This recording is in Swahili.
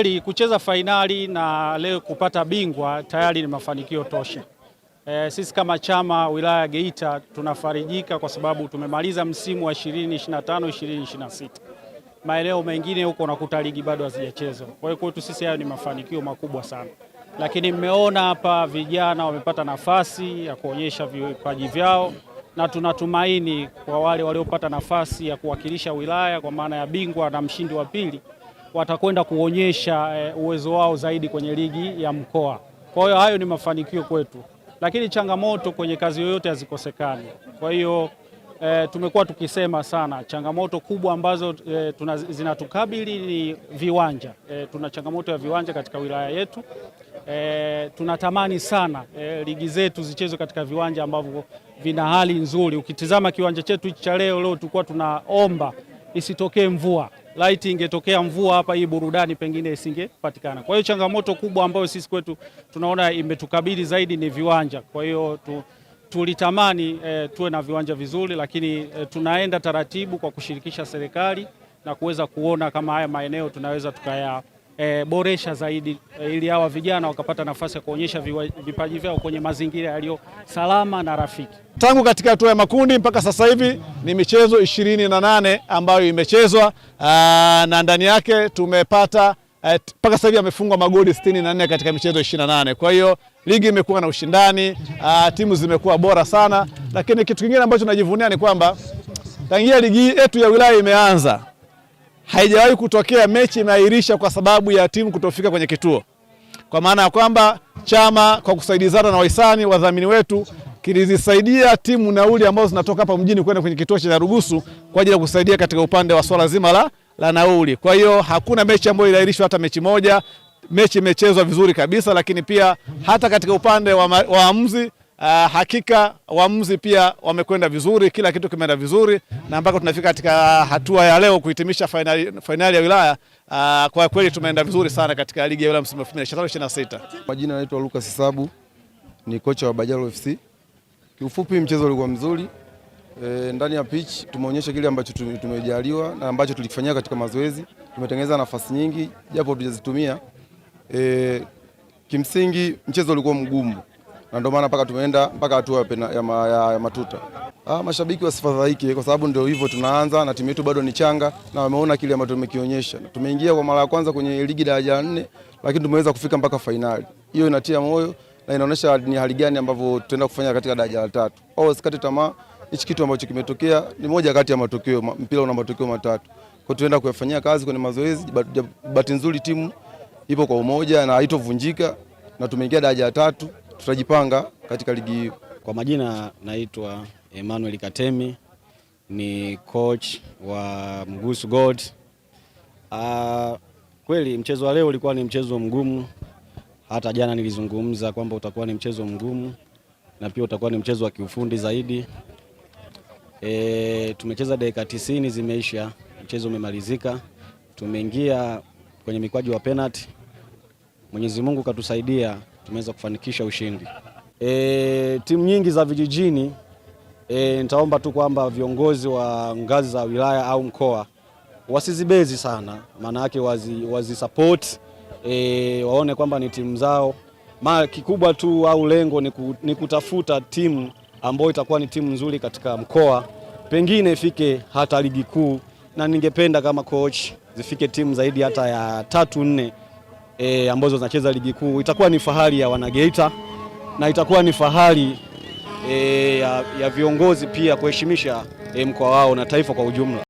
kweli kucheza fainali na leo kupata bingwa tayari ni mafanikio tosha. E, sisi kama chama wilaya ya Geita tunafarijika kwa sababu tumemaliza msimu wa 2025 2026. Maeneo mengine huko unakuta ligi bado hazijachezwa. Kwa hiyo kwetu sisi hayo ni mafanikio makubwa sana, lakini mmeona hapa vijana wamepata nafasi ya kuonyesha vipaji vyao na tunatumaini kwa wale waliopata nafasi ya kuwakilisha wilaya kwa maana ya bingwa na mshindi wa pili watakwenda kuonyesha e, uwezo wao zaidi kwenye ligi ya mkoa. Kwa hiyo hayo ni mafanikio kwetu, lakini changamoto kwenye kazi yoyote hazikosekani. Kwa hiyo e, tumekuwa tukisema sana changamoto kubwa ambazo e, tuna, zinatukabili ni viwanja e, tuna changamoto ya viwanja katika wilaya yetu. E, tunatamani sana e, ligi zetu zichezwe katika viwanja ambavyo vina hali nzuri. Ukitizama kiwanja chetu hichi cha leo leo, tulikuwa tunaomba isitokee mvua laiti ingetokea mvua hapa, hii burudani pengine isingepatikana. Kwa hiyo changamoto kubwa ambayo sisi kwetu tunaona imetukabili zaidi ni viwanja. Kwa hiyo tu, tulitamani e, tuwe na viwanja vizuri, lakini e, tunaenda taratibu kwa kushirikisha serikali na kuweza kuona kama haya maeneo tunaweza tukaya e, boresha zaidi e, ili hawa vijana wakapata nafasi ya kuonyesha vipaji vyao kwenye mazingira yaliyo salama na rafiki. Tangu katika hatua ya makundi mpaka sasa hivi ni michezo ishirini na nane ambayo imechezwa na ndani yake tumepata e, mpaka sasa hivi amefungwa magoli 64 katika michezo 28. Kwa hiyo ligi imekuwa na ushindani, a, timu zimekuwa bora sana, lakini kitu kingine ambacho najivunia ni kwamba tangia ligi yetu ya wilaya imeanza haijawahi kutokea mechi imeahirisha kwa sababu ya timu kutofika kwenye kituo, kwa maana ya kwamba chama kwa kusaidizana na wahisani wadhamini wetu kilizisaidia timu nauli ambazo zinatoka hapa mjini kwenda kwenye kituo cha Nyarugusu kwa ajili ya kusaidia katika upande wa swala zima la, la nauli. Kwa hiyo hakuna mechi ambayo iliahirishwa hata mechi moja. Mechi imechezwa vizuri kabisa, lakini pia hata katika upande wa waamuzi Uh, hakika waamuzi pia wamekwenda vizuri, kila kitu kimeenda vizuri na ambako tunafika katika hatua ya leo kuhitimisha fainali, fainali ya wilaya uh, kwa kweli tumeenda vizuri sana katika ligi ya wilaya msimu 2025 Kwa jina naitwa Lucas Sabu ni kocha wa Bajalo FC. Kiufupi mchezo ulikuwa mzuri e, ndani ya pitch tumeonyesha kile ambacho tumejaliwa na ambacho tulikifanyia katika mazoezi. Tumetengeneza nafasi nyingi japo tujazitumia. E, kimsingi mchezo ulikuwa mgumu na ndio maana mpaka tumeenda mpaka hatua ya, ma, ya, ya matuta. Ah, mashabiki wasifadhaike kwa sababu ndio hivyo tunaanza na timu yetu bado ni changa na wameona kile ambacho tumekionyesha. Tumeingia kwa mara ya kwanza kwenye ligi daraja la nne lakini tumeweza kufika mpaka fainali. Hiyo inatia moyo na inaonyesha ni hali gani ambavyo tunaenda kufanya katika daraja la tatu. Au oh, wasikate tamaa, hichi kitu ambacho kimetokea ni moja kati ya matokeo, mpira una matokeo matatu. Kwa tunaenda kuyafanyia kazi kwenye mazoezi, bahati nzuri timu ipo kwa umoja na haitovunjika na tumeingia daraja la tatu tutajipanga katika ligi hiyo. Kwa majina naitwa Emmanuel Katemi ni coach wa Mgusu Gold. Uh, kweli mchezo wa leo ulikuwa ni mchezo mgumu. Hata jana nilizungumza kwamba utakuwa ni mchezo mgumu na pia utakuwa ni mchezo wa kiufundi zaidi. E, tumecheza dakika tisini zimeisha, mchezo umemalizika, tumeingia kwenye mikwaju wa penalty. Mwenyezi Mungu katusaidia tumeweza kufanikisha ushindi. E, timu nyingi za vijijini e, nitaomba tu kwamba viongozi wa ngazi za wilaya au mkoa wasizibezi sana, maana yake wazisapoti wazi e, waone kwamba ni timu zao ma kikubwa tu au lengo ni, ku, ni kutafuta timu ambayo itakuwa ni timu nzuri katika mkoa, pengine ifike hata ligi kuu, na ningependa kama coach zifike timu zaidi hata ya tatu nne e, ambazo zinacheza ligi kuu. Itakuwa ni fahari ya wanageita na itakuwa ni fahari e, ya, ya viongozi pia kuheshimisha e, mkoa wao na taifa kwa ujumla.